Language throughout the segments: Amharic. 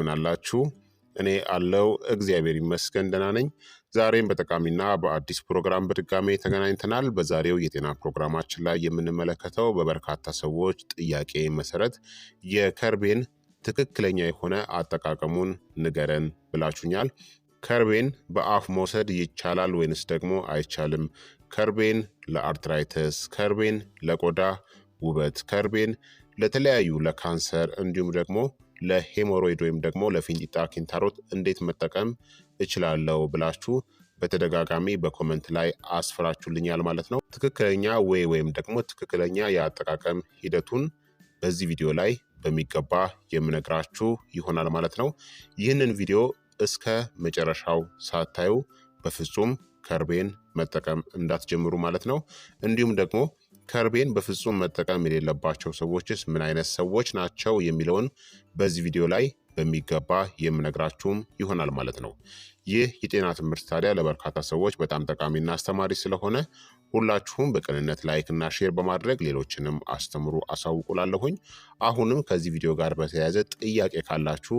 ምናላችሁ እኔ አለው እግዚአብሔር ይመስገን ደህና ነኝ። ዛሬም በጠቃሚና በአዲስ ፕሮግራም በድጋሜ ተገናኝተናል። በዛሬው የጤና ፕሮግራማችን ላይ የምንመለከተው በበርካታ ሰዎች ጥያቄ መሰረት የከርቤን ትክክለኛ የሆነ አጠቃቀሙን ንገረን ብላችሁኛል። ከርቤን በአፍ መውሰድ ይቻላል ወይንስ ደግሞ አይቻልም? ከርቤን ለአርትራይተስ፣ ከርቤን ለቆዳ ውበት፣ ከርቤን ለተለያዩ ለካንሰር እንዲሁም ደግሞ ለሄሞሮይድ ወይም ደግሞ ለፊንጢጣ ኪንታሮት እንዴት መጠቀም እችላለሁ ብላችሁ በተደጋጋሚ በኮመንት ላይ አስፍራችሁልኛል ማለት ነው። ትክክለኛ ወይ ወይም ደግሞ ትክክለኛ የአጠቃቀም ሂደቱን በዚህ ቪዲዮ ላይ በሚገባ የምነግራችሁ ይሆናል ማለት ነው። ይህንን ቪዲዮ እስከ መጨረሻው ሳታዩ በፍጹም ከርቤን መጠቀም እንዳትጀምሩ ማለት ነው። እንዲሁም ደግሞ ከርቤን በፍጹም መጠቀም የሌለባቸው ሰዎችስ ምን አይነት ሰዎች ናቸው የሚለውን በዚህ ቪዲዮ ላይ በሚገባ የምነግራችሁም ይሆናል ማለት ነው። ይህ የጤና ትምህርት ታዲያ ለበርካታ ሰዎች በጣም ጠቃሚና አስተማሪ ስለሆነ ሁላችሁም በቅንነት ላይክ እና ሼር በማድረግ ሌሎችንም አስተምሩ አሳውቁላለሁኝ። አሁንም ከዚህ ቪዲዮ ጋር በተያያዘ ጥያቄ ካላችሁ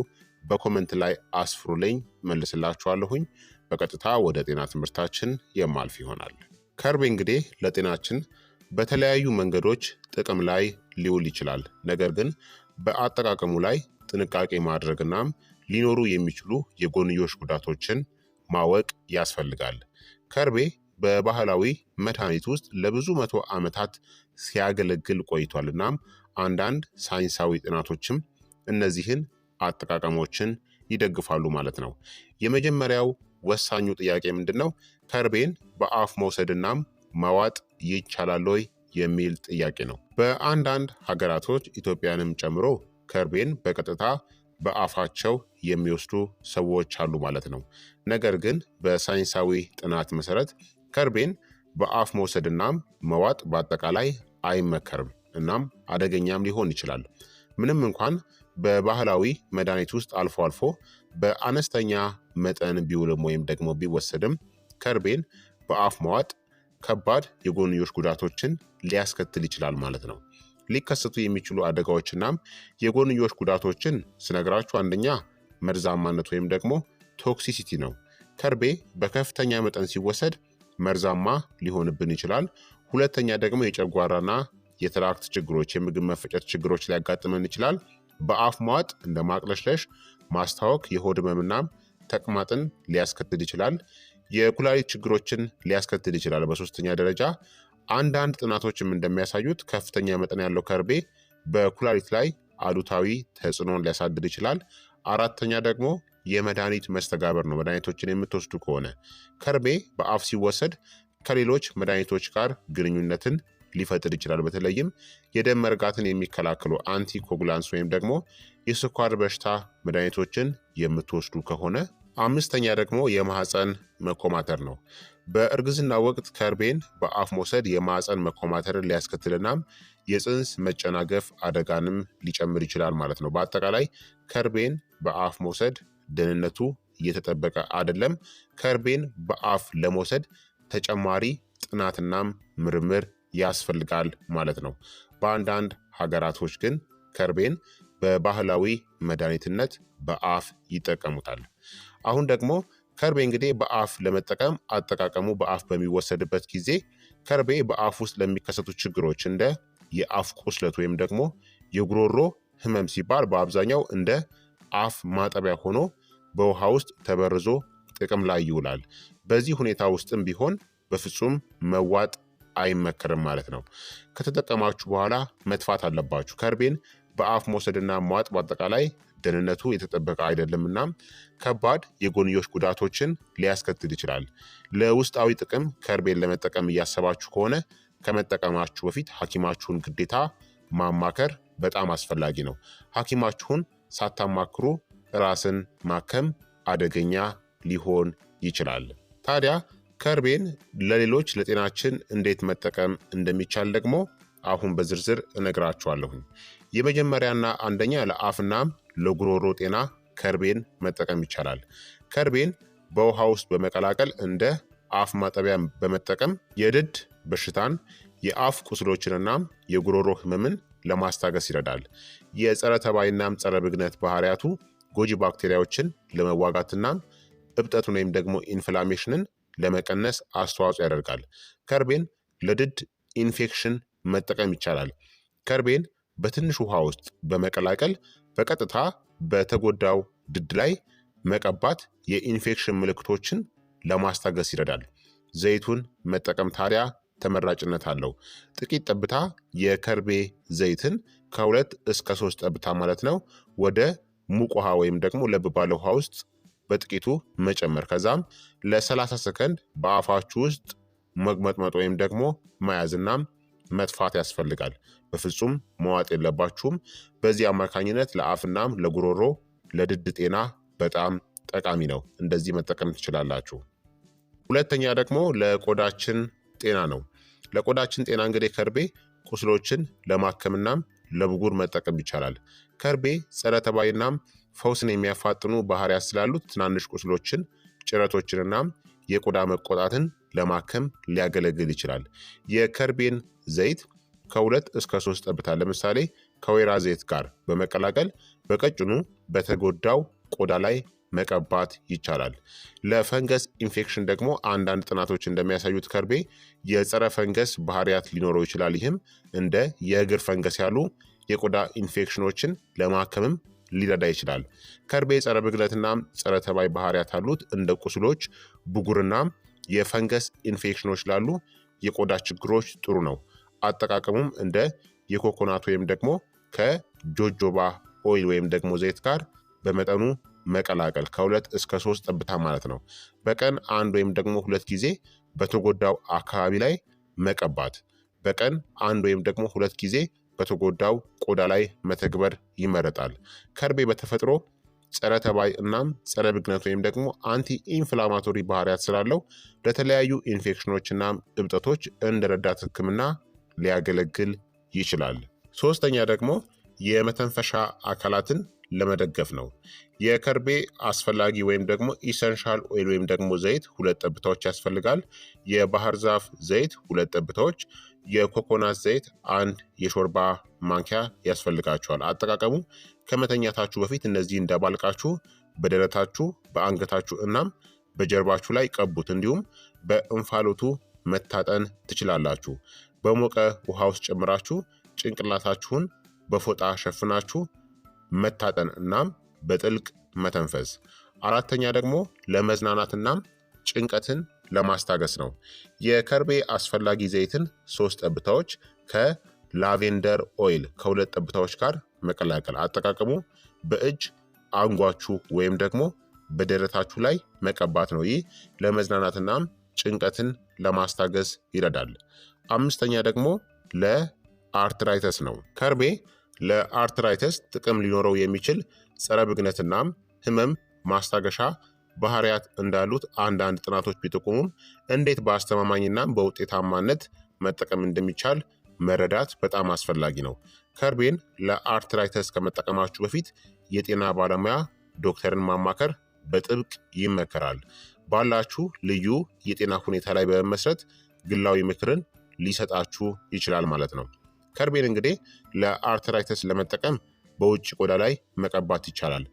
በኮመንት ላይ አስፍሩልኝ፣ መልስላችኋለሁኝ። በቀጥታ ወደ ጤና ትምህርታችን የማልፍ ይሆናል። ከርቤ እንግዲህ ለጤናችን በተለያዩ መንገዶች ጥቅም ላይ ሊውል ይችላል። ነገር ግን በአጠቃቀሙ ላይ ጥንቃቄ ማድረግናም ሊኖሩ የሚችሉ የጎንዮሽ ጉዳቶችን ማወቅ ያስፈልጋል። ከርቤ በባህላዊ መድኃኒት ውስጥ ለብዙ መቶ ዓመታት ሲያገለግል ቆይቷል። እናም አንዳንድ ሳይንሳዊ ጥናቶችም እነዚህን አጠቃቀሞችን ይደግፋሉ ማለት ነው። የመጀመሪያው ወሳኙ ጥያቄ ምንድን ነው? ከርቤን በአፍ መውሰድናም መዋጥ ይቻላል ወይ የሚል ጥያቄ ነው። በአንዳንድ ሀገራቶች ኢትዮጵያንም ጨምሮ ከርቤን በቀጥታ በአፋቸው የሚወስዱ ሰዎች አሉ ማለት ነው። ነገር ግን በሳይንሳዊ ጥናት መሰረት ከርቤን በአፍ መውሰድናም መዋጥ በአጠቃላይ አይመከርም፣ እናም አደገኛም ሊሆን ይችላል። ምንም እንኳን በባህላዊ መድኃኒት ውስጥ አልፎ አልፎ በአነስተኛ መጠን ቢውልም ወይም ደግሞ ቢወሰድም ከርቤን በአፍ መዋጥ ከባድ የጎንዮሽ ጉዳቶችን ሊያስከትል ይችላል ማለት ነው። ሊከሰቱ የሚችሉ አደጋዎችናም የጎንዮሽ ጉዳቶችን ስነግራችሁ አንደኛ መርዛማነት ወይም ደግሞ ቶክሲሲቲ ነው። ከርቤ በከፍተኛ መጠን ሲወሰድ መርዛማ ሊሆንብን ይችላል። ሁለተኛ ደግሞ የጨጓራና የትራክት ችግሮች፣ የምግብ መፈጨት ችግሮች ሊያጋጥመን ይችላል። በአፍ መዋጥ እንደ ማቅለሽለሽ፣ ማስታወክ፣ የሆድ ህመምናም ተቅማጥን ሊያስከትል ይችላል። የኩላሊት ችግሮችን ሊያስከትል ይችላል። በሶስተኛ ደረጃ አንዳንድ ጥናቶችም እንደሚያሳዩት ከፍተኛ መጠን ያለው ከርቤ በኩላሊት ላይ አሉታዊ ተጽዕኖን ሊያሳድር ይችላል። አራተኛ ደግሞ የመድኃኒት መስተጋበር ነው። መድኃኒቶችን የምትወስዱ ከሆነ ከርቤ በአፍ ሲወሰድ ከሌሎች መድኃኒቶች ጋር ግንኙነትን ሊፈጥር ይችላል። በተለይም የደም መርጋትን የሚከላከሉ አንቲኮጉላንስ ወይም ደግሞ የስኳር በሽታ መድኃኒቶችን የምትወስዱ ከሆነ አምስተኛ ደግሞ የማህፀን መኮማተር ነው። በእርግዝና ወቅት ከርቤን በአፍ መውሰድ የማህፀን መኮማተርን ሊያስከትልናም የፅንስ መጨናገፍ አደጋንም ሊጨምር ይችላል ማለት ነው። በአጠቃላይ ከርቤን በአፍ መውሰድ ደህንነቱ እየተጠበቀ አይደለም። ከርቤን በአፍ ለመውሰድ ተጨማሪ ጥናትናም ምርምር ያስፈልጋል ማለት ነው። በአንዳንድ ሀገራቶች ግን ከርቤን በባህላዊ መድኃኒትነት በአፍ ይጠቀሙታል። አሁን ደግሞ ከርቤ እንግዲህ በአፍ ለመጠቀም አጠቃቀሙ በአፍ በሚወሰድበት ጊዜ ከርቤ በአፍ ውስጥ ለሚከሰቱ ችግሮች እንደ የአፍ ቁስለት ወይም ደግሞ የጉሮሮ ህመም ሲባል በአብዛኛው እንደ አፍ ማጠቢያ ሆኖ በውሃ ውስጥ ተበርዞ ጥቅም ላይ ይውላል። በዚህ ሁኔታ ውስጥም ቢሆን በፍጹም መዋጥ አይመከርም ማለት ነው። ከተጠቀማችሁ በኋላ መትፋት አለባችሁ። ከርቤን በአፍ መውሰድና መዋጥ በአጠቃላይ ደህንነቱ የተጠበቀ አይደለምና ከባድ የጎንዮሽ ጉዳቶችን ሊያስከትል ይችላል። ለውስጣዊ ጥቅም ከርቤን ለመጠቀም እያሰባችሁ ከሆነ ከመጠቀማችሁ በፊት ሐኪማችሁን ግዴታ ማማከር በጣም አስፈላጊ ነው። ሐኪማችሁን ሳታማክሩ ራስን ማከም አደገኛ ሊሆን ይችላል። ታዲያ ከርቤን ለሌሎች ለጤናችን እንዴት መጠቀም እንደሚቻል ደግሞ አሁን በዝርዝር እነግራችኋለሁኝ። የመጀመሪያና አንደኛ ለአፍናም ለጉሮሮ ጤና ከርቤን መጠቀም ይቻላል። ከርቤን በውሃ ውስጥ በመቀላቀል እንደ አፍ ማጠቢያ በመጠቀም የድድ በሽታን፣ የአፍ ቁስሎችንና የጉሮሮ ህመምን ለማስታገስ ይረዳል። የጸረ ተባይናም ጸረ ብግነት ባህሪያቱ ጎጂ ባክቴሪያዎችን ለመዋጋትና እብጠቱን ወይም ደግሞ ኢንፍላሜሽንን ለመቀነስ አስተዋጽኦ ያደርጋል። ከርቤን ለድድ ኢንፌክሽን መጠቀም ይቻላል። ከርቤን በትንሽ ውሃ ውስጥ በመቀላቀል በቀጥታ በተጎዳው ድድ ላይ መቀባት የኢንፌክሽን ምልክቶችን ለማስታገስ ይረዳል። ዘይቱን መጠቀም ታዲያ ተመራጭነት አለው። ጥቂት ጠብታ የከርቤ ዘይትን ከሁለት እስከ ሶስት ጠብታ ማለት ነው ወደ ሙቅ ውሃ ወይም ደግሞ ለብ ባለ ውሃ ውስጥ በጥቂቱ መጨመር ከዛም ለ30 ሰከንድ በአፋችሁ ውስጥ መግመጥመጥ ወይም ደግሞ መያዝናም መጥፋት ያስፈልጋል። በፍጹም መዋጥ የለባችሁም። በዚህ አማካኝነት ለአፍናም ለጉሮሮ ለድድ ጤና በጣም ጠቃሚ ነው። እንደዚህ መጠቀም ትችላላችሁ። ሁለተኛ ደግሞ ለቆዳችን ጤና ነው። ለቆዳችን ጤና እንግዲህ ከርቤ ቁስሎችን ለማከምናም ለብጉር መጠቀም ይቻላል። ከርቤ ጸረ ተባይናም ፈውስን የሚያፋጥኑ ባህሪያት ስላሉት ትናንሽ ቁስሎችን ጭረቶችንና የቆዳ መቆጣትን ለማከም ሊያገለግል ይችላል። የከርቤን ዘይት ከሁለት እስከ ሶስት ጠብታ ለምሳሌ ከወይራ ዘይት ጋር በመቀላቀል በቀጭኑ በተጎዳው ቆዳ ላይ መቀባት ይቻላል። ለፈንገስ ኢንፌክሽን ደግሞ አንዳንድ ጥናቶች እንደሚያሳዩት ከርቤ የጸረ ፈንገስ ባህሪያት ሊኖረው ይችላል። ይህም እንደ የእግር ፈንገስ ያሉ የቆዳ ኢንፌክሽኖችን ለማከምም ሊረዳ ይችላል። ከርቤ ጸረ ብግለትናም ጸረ ተባይ ባህሪያት አሉት። እንደ ቁስሎች፣ ብጉርናም የፈንገስ ኢንፌክሽኖች ላሉ የቆዳ ችግሮች ጥሩ ነው። አጠቃቀሙም እንደ የኮኮናት ወይም ደግሞ ከጆጆባ ኦይል ወይም ደግሞ ዘይት ጋር በመጠኑ መቀላቀል ከሁለት እስከ ሶስት ጠብታ ማለት ነው። በቀን አንድ ወይም ደግሞ ሁለት ጊዜ በተጎዳው አካባቢ ላይ መቀባት፣ በቀን አንድ ወይም ደግሞ ሁለት ጊዜ በተጎዳው ቆዳ ላይ መተግበር ይመረጣል። ከርቤ በተፈጥሮ ጸረ ተባይ እናም ጸረ ብግነት ወይም ደግሞ አንቲ ኢንፍላማቶሪ ባህሪያት ስላለው ለተለያዩ ኢንፌክሽኖች እናም እብጠቶች እንደ ረዳት ሕክምና ሊያገለግል ይችላል። ሶስተኛ ደግሞ የመተንፈሻ አካላትን ለመደገፍ ነው። የከርቤ አስፈላጊ ወይም ደግሞ ኢሰንሻል ኦይል ወይም ደግሞ ዘይት ሁለት ጠብታዎች ያስፈልጋል። የባህር ዛፍ ዘይት ሁለት ጠብታዎች፣ የኮኮናት ዘይት አንድ የሾርባ ማንኪያ ያስፈልጋቸዋል። አጠቃቀሙ ከመተኛታችሁ በፊት እነዚህ እንዳባልቃችሁ በደረታችሁ፣ በአንገታችሁ እናም በጀርባችሁ ላይ ቀቡት። እንዲሁም በእንፋሎቱ መታጠን ትችላላችሁ። በሞቀ ውሃ ውስጥ ጨምራችሁ ጭንቅላታችሁን በፎጣ ሸፍናችሁ መታጠን እናም በጥልቅ መተንፈስ። አራተኛ ደግሞ ለመዝናናት እናም ጭንቀትን ለማስታገስ ነው። የከርቤ አስፈላጊ ዘይትን ሶስት ጠብታዎች ከላቬንደር ኦይል ከሁለት ጠብታዎች ጋር መቀላቀል። አጠቃቀሙ በእጅ አንጓችሁ ወይም ደግሞ በደረታችሁ ላይ መቀባት ነው። ይህ ለመዝናናትናም ጭንቀትን ለማስታገስ ይረዳል። አምስተኛ ደግሞ ለአርትራይተስ ነው። ከርቤ ለአርትራይተስ ጥቅም ሊኖረው የሚችል ጸረ ብግነትናም ህመም ማስታገሻ ባህሪያት እንዳሉት አንዳንድ ጥናቶች ቢጠቁሙም እንዴት በአስተማማኝና በውጤታማነት መጠቀም እንደሚቻል መረዳት በጣም አስፈላጊ ነው። ከርቤን ለአርትራይተስ ከመጠቀማችሁ በፊት የጤና ባለሙያ ዶክተርን ማማከር በጥብቅ ይመከራል። ባላችሁ ልዩ የጤና ሁኔታ ላይ በመመስረት ግላዊ ምክርን ሊሰጣችሁ ይችላል ማለት ነው። ከርቤን እንግዲህ ለአርትራይተስ ለመጠቀም በውጭ ቆዳ ላይ መቀባት ይቻላል።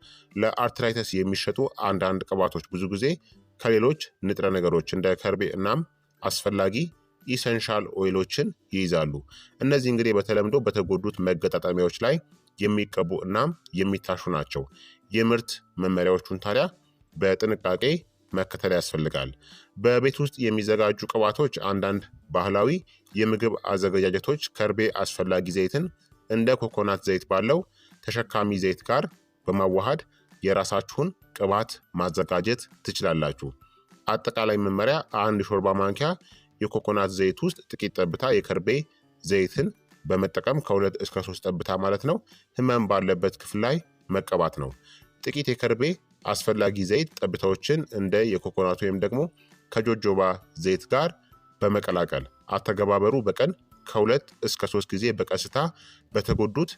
ለአርትራይተስ የሚሸጡ አንዳንድ ቅባቶች ብዙ ጊዜ ከሌሎች ንጥረ ነገሮች እንደ ከርቤ እናም አስፈላጊ ኢሰንሻል ኦይሎችን ይይዛሉ። እነዚህ እንግዲህ በተለምዶ በተጎዱት መገጣጠሚያዎች ላይ የሚቀቡ እናም የሚታሹ ናቸው። የምርት መመሪያዎቹን ታዲያ በጥንቃቄ መከተል ያስፈልጋል። በቤት ውስጥ የሚዘጋጁ ቅባቶች፣ አንዳንድ ባህላዊ የምግብ አዘገጃጀቶች ከርቤ አስፈላጊ ዘይትን እንደ ኮኮናት ዘይት ባለው ተሸካሚ ዘይት ጋር በማዋሃድ የራሳችሁን ቅባት ማዘጋጀት ትችላላችሁ። አጠቃላይ መመሪያ፣ አንድ ሾርባ ማንኪያ የኮኮናት ዘይት ውስጥ ጥቂት ጠብታ የከርቤ ዘይትን በመጠቀም ከሁለት እስከ ሶስት ጠብታ ማለት ነው ህመም ባለበት ክፍል ላይ መቀባት ነው። ጥቂት የከርቤ አስፈላጊ ዘይት ጠብታዎችን እንደ የኮኮናት ወይም ደግሞ ከጆጆባ ዘይት ጋር በመቀላቀል አተገባበሩ በቀን ከሁለት እስከ ሶስት ጊዜ በቀስታ በተጎዱት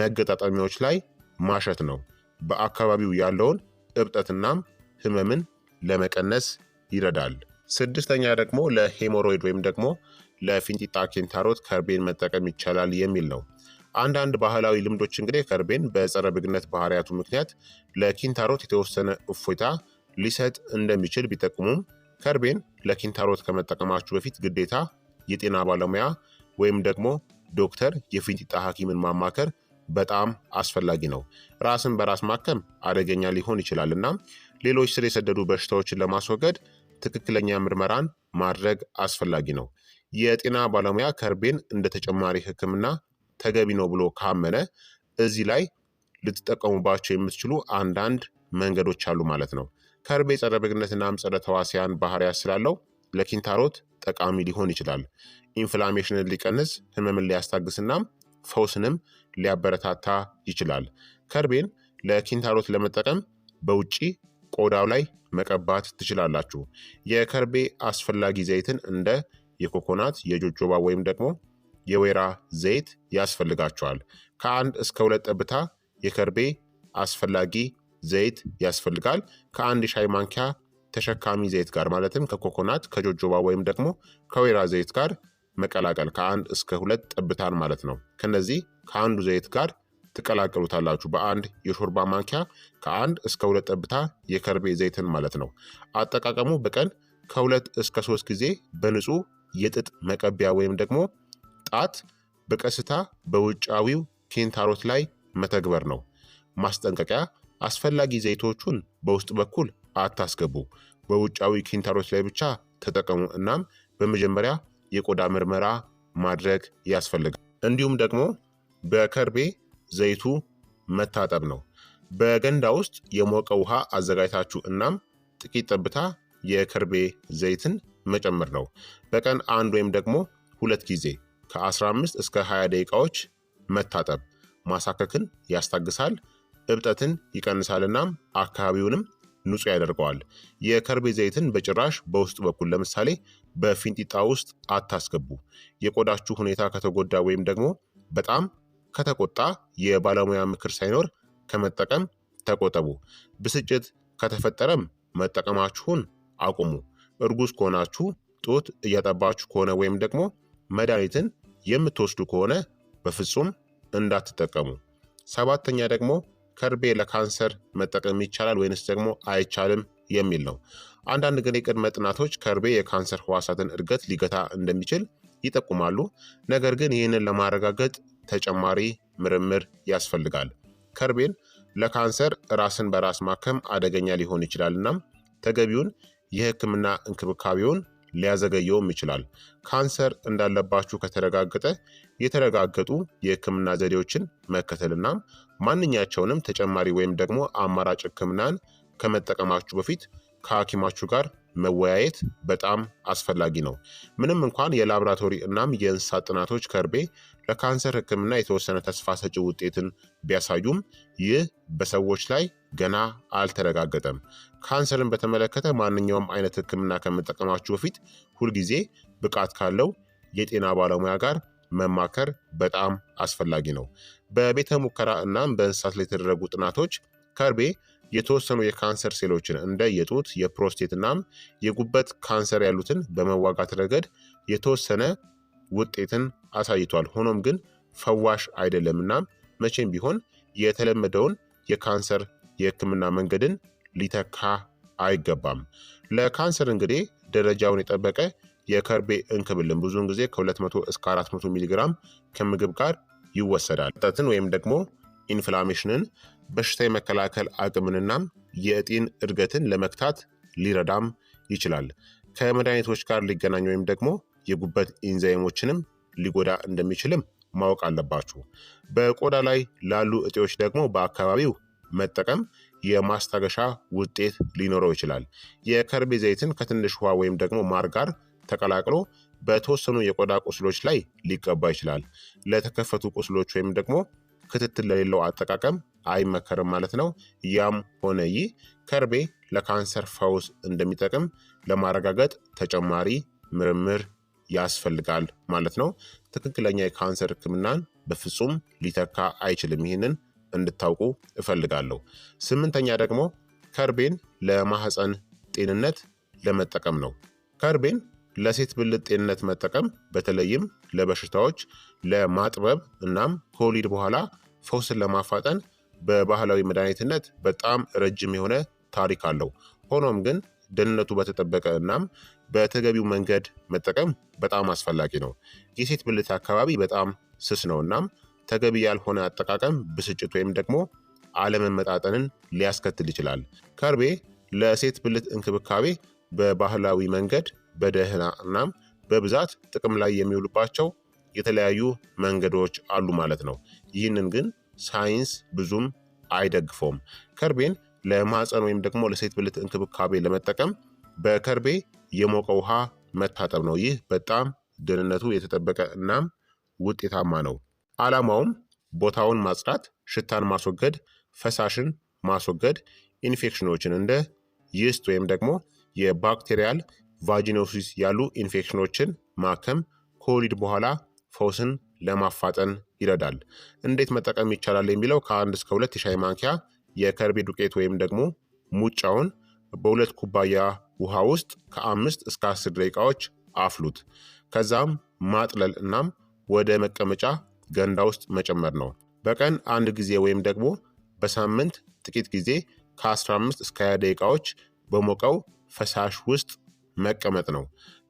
መገጣጠሚያዎች ላይ ማሸት ነው። በአካባቢው ያለውን እብጠትናም ህመምን ለመቀነስ ይረዳል። ስድስተኛ ደግሞ ለሄሞሮይድ ወይም ደግሞ ለፊንጢጣ ኪንታሮት ከርቤን መጠቀም ይቻላል የሚል ነው። አንዳንድ ባህላዊ ልምዶች እንግዲህ ከርቤን በጸረ ብግነት ባህሪያቱ ምክንያት ለኪንታሮት የተወሰነ እፎይታ ሊሰጥ እንደሚችል ቢጠቁሙም ከርቤን ለኪንታሮት ከመጠቀማችሁ በፊት ግዴታ የጤና ባለሙያ ወይም ደግሞ ዶክተር የፊንጢጣ ሐኪምን ማማከር በጣም አስፈላጊ ነው። ራስን በራስ ማከም አደገኛ ሊሆን ይችላል እና ሌሎች ስር የሰደዱ በሽታዎችን ለማስወገድ ትክክለኛ ምርመራን ማድረግ አስፈላጊ ነው። የጤና ባለሙያ ከርቤን እንደ ተጨማሪ ሕክምና ተገቢ ነው ብሎ ካመነ እዚህ ላይ ልትጠቀሙባቸው የምትችሉ አንዳንድ መንገዶች አሉ ማለት ነው። ከርቤ ጸረ ብግነትና ጸረ ተዋሲያን ባህሪያት ስላለው ለኪንታሮት ጠቃሚ ሊሆን ይችላል። ኢንፍላሜሽንን ሊቀንስ፣ ህመምን ሊያስታግስና ፈውስንም ሊያበረታታ ይችላል። ከርቤን ለኪንታሮት ለመጠቀም በውጪ ቆዳው ላይ መቀባት ትችላላችሁ። የከርቤ አስፈላጊ ዘይትን እንደ የኮኮናት የጆጆባ ወይም ደግሞ የወይራ ዘይት ያስፈልጋቸዋል። ከአንድ እስከ ሁለት ጠብታ የከርቤ አስፈላጊ ዘይት ያስፈልጋል። ከአንድ ሻይ ማንኪያ ተሸካሚ ዘይት ጋር ማለትም ከኮኮናት ከጆጆባ ወይም ደግሞ ከወይራ ዘይት ጋር መቀላቀል ከአንድ እስከ ሁለት ጠብታን ማለት ነው። ከነዚህ ከአንዱ ዘይት ጋር ትቀላቀሉታላችሁ በአንድ የሾርባ ማንኪያ ከአንድ እስከ ሁለት ጠብታ የከርቤ ዘይትን ማለት ነው። አጠቃቀሙ በቀን ከሁለት እስከ ሶስት ጊዜ በንጹህ የጥጥ መቀቢያ ወይም ደግሞ ጣት በቀስታ በውጫዊው ኪንታሮት ላይ መተግበር ነው። ማስጠንቀቂያ፣ አስፈላጊ ዘይቶቹን በውስጥ በኩል አታስገቡ፣ በውጫዊ ኪንታሮት ላይ ብቻ ተጠቀሙ። እናም በመጀመሪያ የቆዳ ምርመራ ማድረግ ያስፈልጋል። እንዲሁም ደግሞ በከርቤ ዘይቱ መታጠብ ነው። በገንዳ ውስጥ የሞቀ ውሃ አዘጋጅታችሁ እናም ጥቂት ጠብታ የከርቤ ዘይትን መጨመር ነው። በቀን አንድ ወይም ደግሞ ሁለት ጊዜ ከ15 እስከ 20 ደቂቃዎች መታጠብ ማሳከክን ያስታግሳል፣ እብጠትን ይቀንሳል፣ እናም አካባቢውንም ንጹህ ያደርገዋል። የከርቤ ዘይትን በጭራሽ በውስጥ በኩል ለምሳሌ በፊንጢጣ ውስጥ አታስገቡ። የቆዳችሁ ሁኔታ ከተጎዳ ወይም ደግሞ በጣም ከተቆጣ የባለሙያ ምክር ሳይኖር ከመጠቀም ተቆጠቡ። ብስጭት ከተፈጠረም መጠቀማችሁን አቁሙ። እርጉዝ ከሆናችሁ ጡት እያጠባችሁ ከሆነ ወይም ደግሞ መድኃኒትን የምትወስዱ ከሆነ በፍጹም እንዳትጠቀሙ። ሰባተኛ ደግሞ ከርቤ ለካንሰር መጠቀም ይቻላል ወይንስ ደግሞ አይቻልም የሚል ነው። አንዳንድ ግን የቅድመ ጥናቶች ከርቤ የካንሰር ህዋሳትን እድገት ሊገታ እንደሚችል ይጠቁማሉ። ነገር ግን ይህንን ለማረጋገጥ ተጨማሪ ምርምር ያስፈልጋል። ከርቤን ለካንሰር ራስን በራስ ማከም አደገኛ ሊሆን ይችላል። እናም ተገቢውን የህክምና እንክብካቤውን ሊያዘገየውም ይችላል። ካንሰር እንዳለባችሁ ከተረጋገጠ የተረጋገጡ የህክምና ዘዴዎችን መከተልና ማንኛቸውንም ተጨማሪ ወይም ደግሞ አማራጭ ህክምናን ከመጠቀማችሁ በፊት ከሐኪማችሁ ጋር መወያየት በጣም አስፈላጊ ነው። ምንም እንኳን የላብራቶሪ እናም የእንስሳት ጥናቶች ከርቤ ለካንሰር ሕክምና የተወሰነ ተስፋ ሰጪ ውጤትን ቢያሳዩም ይህ በሰዎች ላይ ገና አልተረጋገጠም። ካንሰርን በተመለከተ ማንኛውም አይነት ሕክምና ከምጠቀማችሁ በፊት ሁልጊዜ ብቃት ካለው የጤና ባለሙያ ጋር መማከር በጣም አስፈላጊ ነው። በቤተ ሙከራ እናም በእንስሳት ላይ የተደረጉ ጥናቶች ከርቤ የተወሰኑ የካንሰር ሴሎችን እንደ የጡት የፕሮስቴትናም የጉበት ካንሰር ያሉትን በመዋጋት ረገድ የተወሰነ ውጤትን አሳይቷል። ሆኖም ግን ፈዋሽ አይደለም። እናም መቼም ቢሆን የተለመደውን የካንሰር የህክምና መንገድን ሊተካ አይገባም። ለካንሰር እንግዲህ ደረጃውን የጠበቀ የከርቤ እንክብልን ብዙውን ጊዜ ከ200 እስከ 400 ሚሊግራም ከምግብ ጋር ይወሰዳል። ጠትን ወይም ደግሞ ኢንፍላሜሽንን፣ በሽታ የመከላከል አቅምንና የእጢን እድገትን ለመክታት ሊረዳም ይችላል። ከመድኃኒቶች ጋር ሊገናኝ ወይም ደግሞ የጉበት ኢንዛይሞችንም ሊጎዳ እንደሚችልም ማወቅ አለባችሁ። በቆዳ ላይ ላሉ እጢዎች ደግሞ በአካባቢው መጠቀም የማስታገሻ ውጤት ሊኖረው ይችላል። የከርቤ ዘይትን ከትንሽ ውሃ ወይም ደግሞ ማር ጋር ተቀላቅሎ በተወሰኑ የቆዳ ቁስሎች ላይ ሊቀባ ይችላል። ለተከፈቱ ቁስሎች ወይም ደግሞ ክትትል ለሌለው አጠቃቀም አይመከርም ማለት ነው። ያም ሆነ ይህ ከርቤ ለካንሰር ፈውስ እንደሚጠቅም ለማረጋገጥ ተጨማሪ ምርምር ያስፈልጋል ማለት ነው። ትክክለኛ የካንሰር ሕክምናን በፍጹም ሊተካ አይችልም። ይህንን እንድታውቁ እፈልጋለሁ። ስምንተኛ ደግሞ ከርቤን ለማህፀን ጤንነት ለመጠቀም ነው። ከርቤን ለሴት ብልት ጤንነት መጠቀም በተለይም ለበሽታዎች ለማጥበብ እናም ከወሊድ በኋላ ፈውስን ለማፋጠን በባህላዊ መድኃኒትነት በጣም ረጅም የሆነ ታሪክ አለው። ሆኖም ግን ደህንነቱ በተጠበቀ እናም በተገቢው መንገድ መጠቀም በጣም አስፈላጊ ነው። የሴት ብልት አካባቢ በጣም ስስ ነው፣ እናም ተገቢ ያልሆነ አጠቃቀም ብስጭት ወይም ደግሞ አለመመጣጠንን ሊያስከትል ይችላል። ከርቤ ለሴት ብልት እንክብካቤ በባህላዊ መንገድ በደህና እናም በብዛት ጥቅም ላይ የሚውሉባቸው የተለያዩ መንገዶች አሉ ማለት ነው። ይህንን ግን ሳይንስ ብዙም አይደግፈውም። ከርቤን ለማህፀን ወይም ደግሞ ለሴት ብልት እንክብካቤ ለመጠቀም በከርቤ የሞቀ ውሃ መታጠብ ነው። ይህ በጣም ደህንነቱ የተጠበቀ እናም ውጤታማ ነው። ዓላማውም ቦታውን ማጽዳት፣ ሽታን ማስወገድ፣ ፈሳሽን ማስወገድ፣ ኢንፌክሽኖችን እንደ ይስት ወይም ደግሞ የባክቴሪያል ቫጂኖሲስ ያሉ ኢንፌክሽኖችን ማከም ከወሊድ በኋላ ፈውስን ለማፋጠን ይረዳል። እንዴት መጠቀም ይቻላል የሚለው ከአንድ እስከ ሁለት የሻይ ማንኪያ የከርቤ ዱቄት ወይም ደግሞ ሙጫውን በሁለት ኩባያ ውሃ ውስጥ ከአምስት እስከ አስር ደቂቃዎች አፍሉት። ከዛም ማጥለል እናም ወደ መቀመጫ ገንዳ ውስጥ መጨመር ነው። በቀን አንድ ጊዜ ወይም ደግሞ በሳምንት ጥቂት ጊዜ ከ15 እስከ 20 ደቂቃዎች በሞቀው ፈሳሽ ውስጥ መቀመጥ ነው።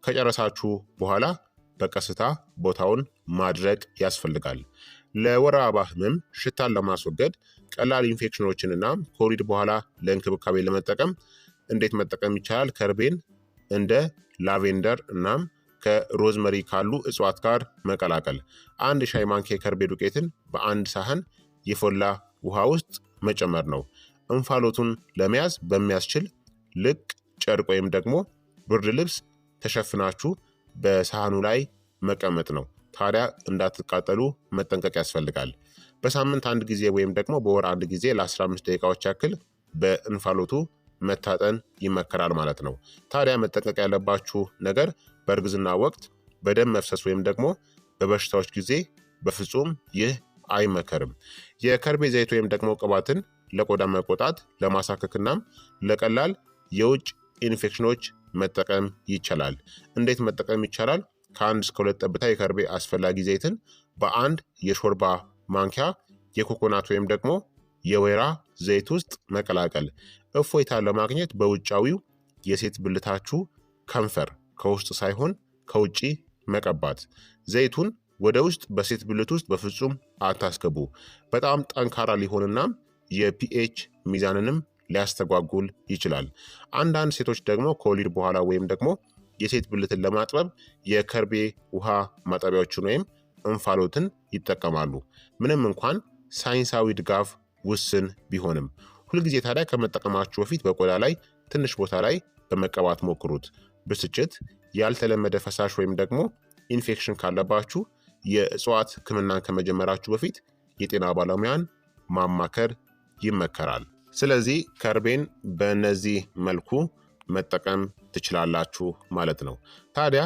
ከጨረሳችሁ በኋላ በቀስታ ቦታውን ማድረቅ ያስፈልጋል። ለወር አበባ ህመም፣ ሽታን ለማስወገድ፣ ቀላል ኢንፌክሽኖችንና ኮሪድ በኋላ ለእንክብካቤ ለመጠቀም እንዴት መጠቀም ይቻላል? ከርቤን እንደ ላቬንደር እናም ከሮዝመሪ ካሉ እጽዋት ጋር መቀላቀል። አንድ ሻይ ማንኪያ የከርቤ ዱቄትን በአንድ ሳህን የፎላ ውሃ ውስጥ መጨመር ነው። እንፋሎቱን ለመያዝ በሚያስችል ልቅ ጨርቅ ወይም ደግሞ ብርድ ልብስ ተሸፍናችሁ በሳህኑ ላይ መቀመጥ ነው። ታዲያ እንዳትቃጠሉ መጠንቀቅ ያስፈልጋል። በሳምንት አንድ ጊዜ ወይም ደግሞ በወር አንድ ጊዜ ለ15 ደቂቃዎች ያክል በእንፋሎቱ መታጠን ይመከራል ማለት ነው። ታዲያ መጠንቀቅ ያለባችሁ ነገር በእርግዝና ወቅት በደም መፍሰስ ወይም ደግሞ በበሽታዎች ጊዜ በፍጹም ይህ አይመከርም። የከርቤ ዘይት ወይም ደግሞ ቅባትን ለቆዳ መቆጣት ለማሳከክናም ለቀላል የውጭ ኢንፌክሽኖች መጠቀም ይቻላል። እንዴት መጠቀም ይቻላል? ከአንድ እስከ ሁለት ጠብታ የከርቤ አስፈላጊ ዘይትን በአንድ የሾርባ ማንኪያ የኮኮናት ወይም ደግሞ የወይራ ዘይት ውስጥ መቀላቀል። እፎይታ ለማግኘት በውጫዊው የሴት ብልታችሁ ከንፈር ከውስጥ ሳይሆን ከውጪ መቀባት። ዘይቱን ወደ ውስጥ በሴት ብልት ውስጥ በፍጹም አታስገቡ። በጣም ጠንካራ ሊሆንና የፒኤች ሚዛንንም ሊያስተጓጉል ይችላል። አንዳንድ ሴቶች ደግሞ ከወሊድ በኋላ ወይም ደግሞ የሴት ብልትን ለማጥበብ የከርቤ ውሃ ማጠቢያዎችን ወይም እንፋሎትን ይጠቀማሉ ምንም እንኳን ሳይንሳዊ ድጋፍ ውስን ቢሆንም። ሁልጊዜ ታዲያ ከመጠቀማችሁ በፊት በቆዳ ላይ ትንሽ ቦታ ላይ በመቀባት ሞክሩት። ብስጭት፣ ያልተለመደ ፈሳሽ ወይም ደግሞ ኢንፌክሽን ካለባችሁ የእጽዋት ሕክምናን ከመጀመራችሁ በፊት የጤና ባለሙያን ማማከር ይመከራል። ስለዚህ ከርቤን በእነዚህ መልኩ መጠቀም ትችላላችሁ ማለት ነው። ታዲያ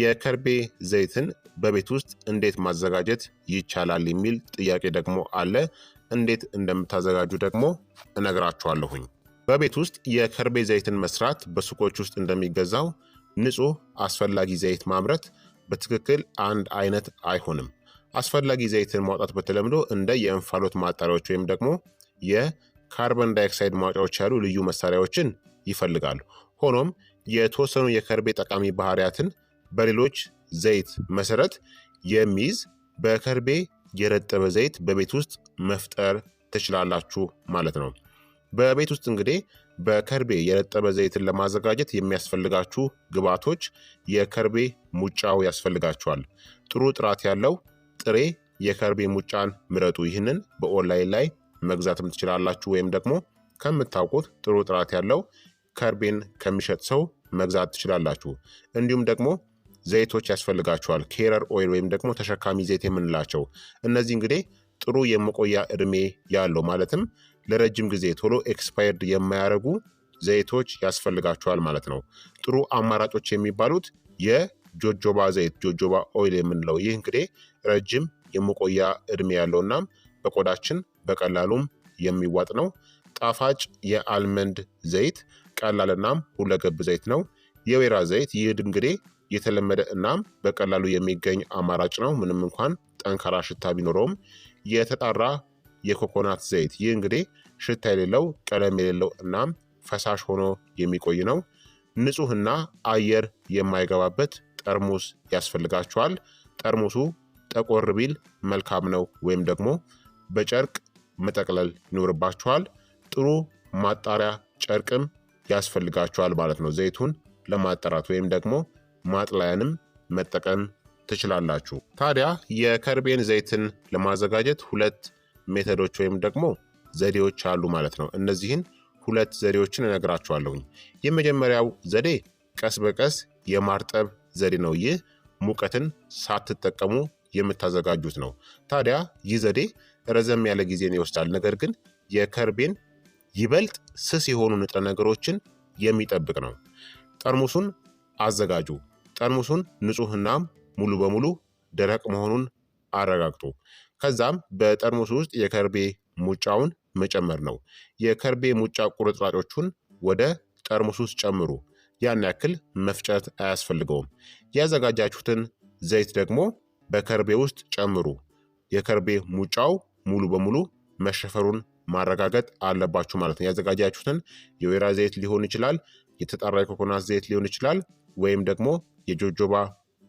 የከርቤ ዘይትን በቤት ውስጥ እንዴት ማዘጋጀት ይቻላል የሚል ጥያቄ ደግሞ አለ። እንዴት እንደምታዘጋጁ ደግሞ እነግራችኋለሁኝ። በቤት ውስጥ የከርቤ ዘይትን መስራት በሱቆች ውስጥ እንደሚገዛው ንጹህ አስፈላጊ ዘይት ማምረት በትክክል አንድ አይነት አይሆንም። አስፈላጊ ዘይትን ማውጣት በተለምዶ እንደ የእንፋሎት ማጣሪያዎች ወይም ደግሞ ካርበን ዳይኦክሳይድ ማውጫዎች ያሉ ልዩ መሳሪያዎችን ይፈልጋሉ። ሆኖም የተወሰኑ የከርቤ ጠቃሚ ባህሪያትን በሌሎች ዘይት መሰረት የሚይዝ በከርቤ የረጠበ ዘይት በቤት ውስጥ መፍጠር ትችላላችሁ ማለት ነው። በቤት ውስጥ እንግዲህ በከርቤ የረጠበ ዘይትን ለማዘጋጀት የሚያስፈልጋችሁ ግብዓቶች የከርቤ ሙጫው ያስፈልጋችኋል። ጥሩ ጥራት ያለው ጥሬ የከርቤ ሙጫን ምረጡ። ይህንን በኦንላይን ላይ መግዛትም ትችላላችሁ። ወይም ደግሞ ከምታውቁት ጥሩ ጥራት ያለው ከርቤን ከሚሸጥ ሰው መግዛት ትችላላችሁ። እንዲሁም ደግሞ ዘይቶች ያስፈልጋችኋል። ኬረር ኦይል ወይም ደግሞ ተሸካሚ ዘይት የምንላቸው እነዚህ እንግዲህ ጥሩ የመቆያ እድሜ ያለው ማለትም ለረጅም ጊዜ ቶሎ ኤክስፓየርድ የማያደርጉ ዘይቶች ያስፈልጋችኋል ማለት ነው። ጥሩ አማራጮች የሚባሉት የጆጆባ ዘይት ጆጆባ ኦይል የምንለው ይህ እንግዲህ ረጅም የመቆያ እድሜ ያለው እናም በቆዳችን በቀላሉም የሚዋጥ ነው። ጣፋጭ የአልመንድ ዘይት ቀላል እናም ሁለገብ ዘይት ነው። የወይራ ዘይት ይህ እንግዲህ የተለመደ እናም በቀላሉ የሚገኝ አማራጭ ነው። ምንም እንኳን ጠንካራ ሽታ ቢኖረውም የተጣራ የኮኮናት ዘይት ይህ እንግዲህ ሽታ የሌለው ቀለም የሌለው እናም ፈሳሽ ሆኖ የሚቆይ ነው። ንጹህና አየር የማይገባበት ጠርሙስ ያስፈልጋቸዋል። ጠርሙሱ ጠቆር ቢል መልካም ነው። ወይም ደግሞ በጨርቅ መጠቅለል ይኖርባችኋል። ጥሩ ማጣሪያ ጨርቅም ያስፈልጋችኋል ማለት ነው። ዘይቱን ለማጣራት ወይም ደግሞ ማጥላያንም መጠቀም ትችላላችሁ። ታዲያ የከርቤን ዘይትን ለማዘጋጀት ሁለት ሜተዶች ወይም ደግሞ ዘዴዎች አሉ ማለት ነው። እነዚህን ሁለት ዘዴዎችን እነግራችኋለሁኝ። የመጀመሪያው ዘዴ ቀስ በቀስ የማርጠብ ዘዴ ነው። ይህ ሙቀትን ሳትጠቀሙ የምታዘጋጁት ነው። ታዲያ ይህ ዘዴ ረዘም ያለ ጊዜን ይወስዳል። ነገር ግን የከርቤን ይበልጥ ስስ የሆኑ ንጥረ ነገሮችን የሚጠብቅ ነው። ጠርሙሱን አዘጋጁ። ጠርሙሱን ንጹህናም ሙሉ በሙሉ ደረቅ መሆኑን አረጋግጡ። ከዛም በጠርሙሱ ውስጥ የከርቤ ሙጫውን መጨመር ነው። የከርቤ ሙጫ ቁርጥራጮቹን ወደ ጠርሙስ ውስጥ ጨምሩ። ያን ያክል መፍጨት አያስፈልገውም። ያዘጋጃችሁትን ዘይት ደግሞ በከርቤ ውስጥ ጨምሩ። የከርቤ ሙጫው ሙሉ በሙሉ መሸፈሩን ማረጋገጥ አለባችሁ ማለት ነው። ያዘጋጃችሁትን የወይራ ዘይት ሊሆን ይችላል፣ የተጣራ የኮኮናት ዘይት ሊሆን ይችላል፣ ወይም ደግሞ የጆጆባ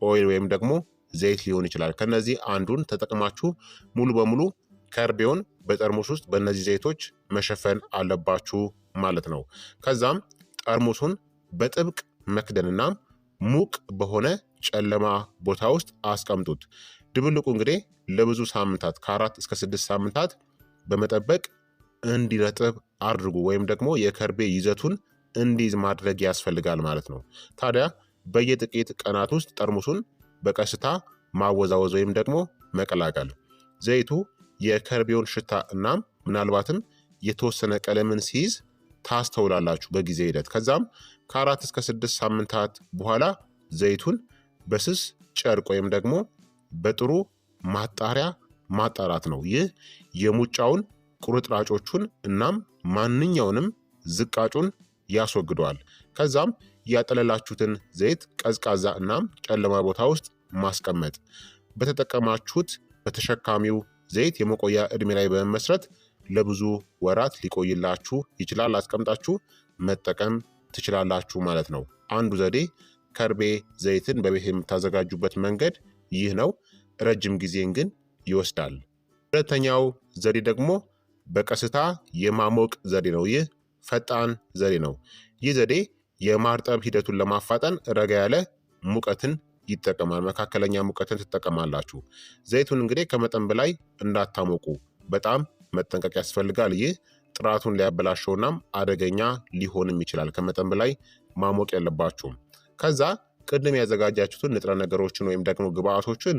ኦይል ወይም ደግሞ ዘይት ሊሆን ይችላል። ከነዚህ አንዱን ተጠቅማችሁ ሙሉ በሙሉ ከርቤውን በጠርሙስ ውስጥ በእነዚህ ዘይቶች መሸፈን አለባችሁ ማለት ነው። ከዛም ጠርሙሱን በጥብቅ መክደንና ሙቅ በሆነ ጨለማ ቦታ ውስጥ አስቀምጡት። ድብልቁ እንግዲህ ለብዙ ሳምንታት ከአራት እስከ ስድስት ሳምንታት በመጠበቅ እንዲረጥብ አድርጉ ወይም ደግሞ የከርቤ ይዘቱን እንዲይዝ ማድረግ ያስፈልጋል ማለት ነው። ታዲያ በየጥቂት ቀናት ውስጥ ጠርሙሱን በቀስታ ማወዛወዝ ወይም ደግሞ መቀላቀል ዘይቱ የከርቤውን ሽታ እናም ምናልባትም የተወሰነ ቀለምን ሲይዝ ታስተውላላችሁ በጊዜ ሂደት። ከዛም ከአራት እስከ ስድስት ሳምንታት በኋላ ዘይቱን በስስ ጨርቅ ወይም ደግሞ በጥሩ ማጣሪያ ማጣራት ነው። ይህ የሙጫውን ቁርጥራጮቹን እናም ማንኛውንም ዝቃጩን ያስወግደዋል። ከዛም ያጠለላችሁትን ዘይት ቀዝቃዛ እናም ጨለማ ቦታ ውስጥ ማስቀመጥ በተጠቀማችሁት በተሸካሚው ዘይት የመቆያ እድሜ ላይ በመመስረት ለብዙ ወራት ሊቆይላችሁ ይችላል። አስቀምጣችሁ መጠቀም ትችላላችሁ ማለት ነው። አንዱ ዘዴ ከርቤ ዘይትን በቤት የምታዘጋጁበት መንገድ ይህ ነው። ረጅም ጊዜን ግን ይወስዳል። ሁለተኛው ዘዴ ደግሞ በቀስታ የማሞቅ ዘዴ ነው። ይህ ፈጣን ዘዴ ነው። ይህ ዘዴ የማርጠብ ሂደቱን ለማፋጠን ረጋ ያለ ሙቀትን ይጠቀማል። መካከለኛ ሙቀትን ትጠቀማላችሁ። ዘይቱን እንግዲህ ከመጠን በላይ እንዳታሞቁ በጣም መጠንቀቅ ያስፈልጋል። ይህ ጥራቱን ሊያበላሸውናም አደገኛ ሊሆንም ይችላል። ከመጠን በላይ ማሞቅ ያለባችሁም ከዛ ቅድም ያዘጋጃችሁትን ንጥረ ነገሮችን ወይም ደግሞ ግብአቶችን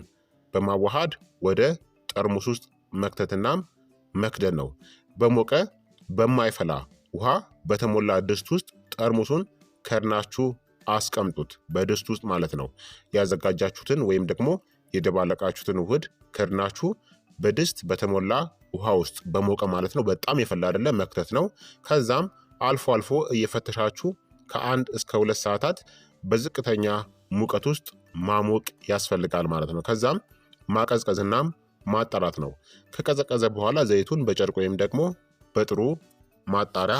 በማዋሃድ ወደ ጠርሙስ ውስጥ መክተትናም መክደን ነው። በሞቀ በማይፈላ ውሃ በተሞላ ድስት ውስጥ ጠርሙሱን ከድናችሁ አስቀምጡት። በድስት ውስጥ ማለት ነው። ያዘጋጃችሁትን ወይም ደግሞ የደባለቃችሁትን ውህድ ከድናችሁ በድስት በተሞላ ውሃ ውስጥ በሞቀ ማለት ነው። በጣም የፈላ አይደለም፣ መክተት ነው። ከዛም አልፎ አልፎ እየፈተሻችሁ ከአንድ እስከ ሁለት ሰዓታት በዝቅተኛ ሙቀት ውስጥ ማሞቅ ያስፈልጋል ማለት ነው። ከዛም ማቀዝቀዝናም ማጣራት ነው። ከቀዘቀዘ በኋላ ዘይቱን በጨርቅ ወይም ደግሞ በጥሩ ማጣሪያ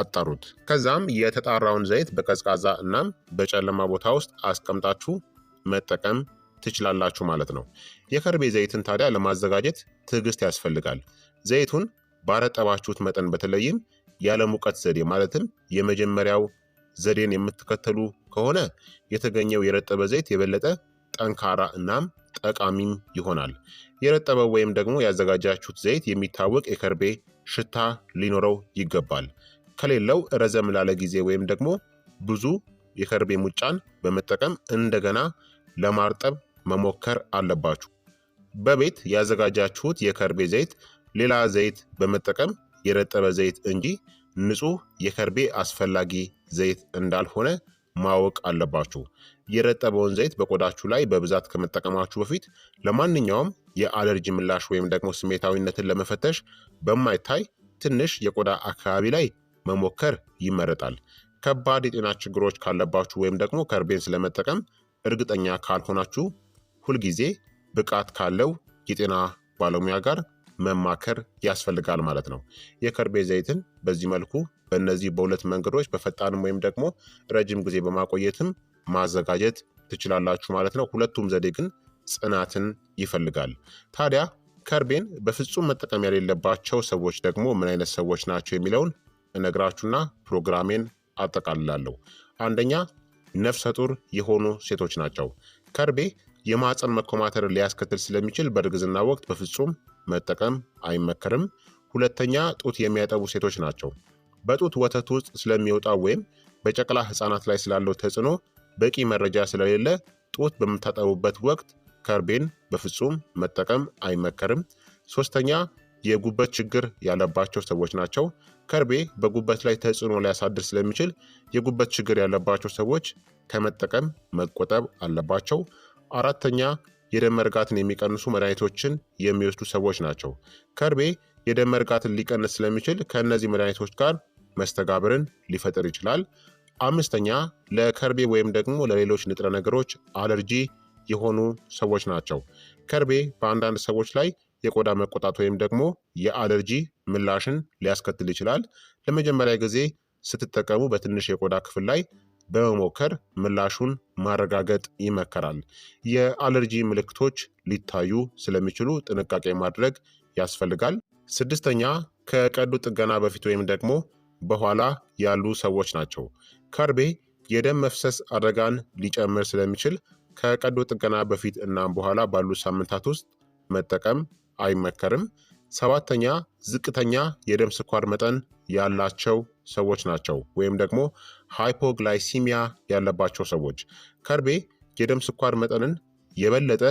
አጣሩት። ከዛም የተጣራውን ዘይት በቀዝቃዛ እናም በጨለማ ቦታ ውስጥ አስቀምጣችሁ መጠቀም ትችላላችሁ ማለት ነው። የከርቤ ዘይትን ታዲያ ለማዘጋጀት ትዕግስት ያስፈልጋል። ዘይቱን ባረጠባችሁት መጠን በተለይም ያለ ሙቀት ዘዴ ማለትም የመጀመሪያው ዘዴን የምትከተሉ ከሆነ የተገኘው የረጠበ ዘይት የበለጠ ጠንካራ እናም ጠቃሚም ይሆናል። የረጠበው ወይም ደግሞ ያዘጋጃችሁት ዘይት የሚታወቅ የከርቤ ሽታ ሊኖረው ይገባል። ከሌለው ረዘም ላለ ጊዜ ወይም ደግሞ ብዙ የከርቤ ሙጫን በመጠቀም እንደገና ለማርጠብ መሞከር አለባችሁ። በቤት ያዘጋጃችሁት የከርቤ ዘይት ሌላ ዘይት በመጠቀም የረጠበ ዘይት እንጂ ንጹህ የከርቤ አስፈላጊ ዘይት እንዳልሆነ ማወቅ አለባችሁ። የረጠበውን ዘይት በቆዳችሁ ላይ በብዛት ከመጠቀማችሁ በፊት ለማንኛውም የአለርጂ ምላሽ ወይም ደግሞ ስሜታዊነትን ለመፈተሽ በማይታይ ትንሽ የቆዳ አካባቢ ላይ መሞከር ይመረጣል። ከባድ የጤና ችግሮች ካለባችሁ ወይም ደግሞ ከርቤን ስለመጠቀም እርግጠኛ ካልሆናችሁ ሁልጊዜ ብቃት ካለው የጤና ባለሙያ ጋር መማከር ያስፈልጋል ማለት ነው። የከርቤ ዘይትን በዚህ መልኩ በእነዚህ በሁለት መንገዶች በፈጣንም ወይም ደግሞ ረጅም ጊዜ በማቆየትም ማዘጋጀት ትችላላችሁ ማለት ነው። ሁለቱም ዘዴ ግን ጽናትን ይፈልጋል። ታዲያ ከርቤን በፍጹም መጠቀም የሌለባቸው ሰዎች ደግሞ ምን አይነት ሰዎች ናቸው የሚለውን እነግራችሁና ፕሮግራሜን አጠቃልላለሁ። አንደኛ ነፍሰ ጡር የሆኑ ሴቶች ናቸው። ከርቤ የማፀን መኮማተር ሊያስከትል ስለሚችል በእርግዝና ወቅት በፍጹም መጠቀም አይመከርም። ሁለተኛ ጡት የሚያጠቡ ሴቶች ናቸው። በጡት ወተት ውስጥ ስለሚወጣው ወይም በጨቅላ ህጻናት ላይ ስላለው ተጽዕኖ በቂ መረጃ ስለሌለ ጡት በምታጠቡበት ወቅት ከርቤን በፍጹም መጠቀም አይመከርም። ሶስተኛ የጉበት ችግር ያለባቸው ሰዎች ናቸው። ከርቤ በጉበት ላይ ተጽዕኖ ሊያሳድር ስለሚችል የጉበት ችግር ያለባቸው ሰዎች ከመጠቀም መቆጠብ አለባቸው። አራተኛ የደም መርጋትን የሚቀንሱ መድኃኒቶችን የሚወስዱ ሰዎች ናቸው። ከርቤ የደም መርጋትን ሊቀንስ ስለሚችል ከእነዚህ መድኃኒቶች ጋር መስተጋብርን ሊፈጥር ይችላል። አምስተኛ ለከርቤ ወይም ደግሞ ለሌሎች ንጥረ ነገሮች አለርጂ የሆኑ ሰዎች ናቸው። ከርቤ በአንዳንድ ሰዎች ላይ የቆዳ መቆጣት ወይም ደግሞ የአለርጂ ምላሽን ሊያስከትል ይችላል። ለመጀመሪያ ጊዜ ስትጠቀሙ በትንሽ የቆዳ ክፍል ላይ በመሞከር ምላሹን ማረጋገጥ ይመከራል። የአለርጂ ምልክቶች ሊታዩ ስለሚችሉ ጥንቃቄ ማድረግ ያስፈልጋል። ስድስተኛ ከቀዶ ጥገና በፊት ወይም ደግሞ በኋላ ያሉ ሰዎች ናቸው። ከርቤ የደም መፍሰስ አደጋን ሊጨምር ስለሚችል ከቀዶ ጥገና በፊት እናም በኋላ ባሉ ሳምንታት ውስጥ መጠቀም አይመከርም። ሰባተኛ ዝቅተኛ የደም ስኳር መጠን ያላቸው ሰዎች ናቸው ወይም ደግሞ ሃይፖግላይሲሚያ ያለባቸው ሰዎች። ከርቤ የደም ስኳር መጠንን የበለጠ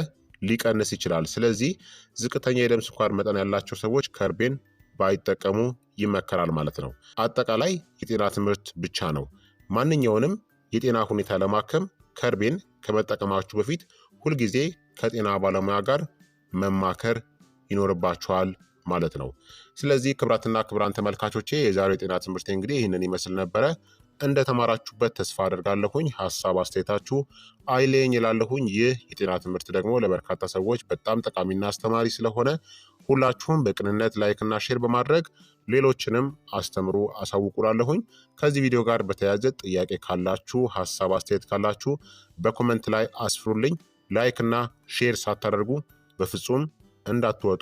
ሊቀንስ ይችላል። ስለዚህ ዝቅተኛ የደም ስኳር መጠን ያላቸው ሰዎች ከርቤን ባይጠቀሙ ይመከራል ማለት ነው። አጠቃላይ የጤና ትምህርት ብቻ ነው። ማንኛውንም የጤና ሁኔታ ለማከም ከርቤን ከመጠቀማችሁ በፊት ሁልጊዜ ከጤና ባለሙያ ጋር መማከር ይኖርባችኋል ማለት ነው። ስለዚህ ክብራትና ክብራን ተመልካቾቼ የዛሬው የጤና ትምህርት እንግዲህ ይህንን ይመስል ነበረ። እንደተማራችሁበት ተስፋ አደርጋለሁኝ። ሀሳብ አስተያየታችሁ አይለኝ ይላለሁኝ። ይህ የጤና ትምህርት ደግሞ ለበርካታ ሰዎች በጣም ጠቃሚና አስተማሪ ስለሆነ ሁላችሁም በቅንነት ላይክና ሼር በማድረግ ሌሎችንም አስተምሩ አሳውቁላለሁኝ። ከዚህ ቪዲዮ ጋር በተያያዘ ጥያቄ ካላችሁ፣ ሀሳብ አስተያየት ካላችሁ በኮመንት ላይ አስፍሩልኝ። ላይክና ሼር ሳታደርጉ በፍጹም እንዳትወጡ።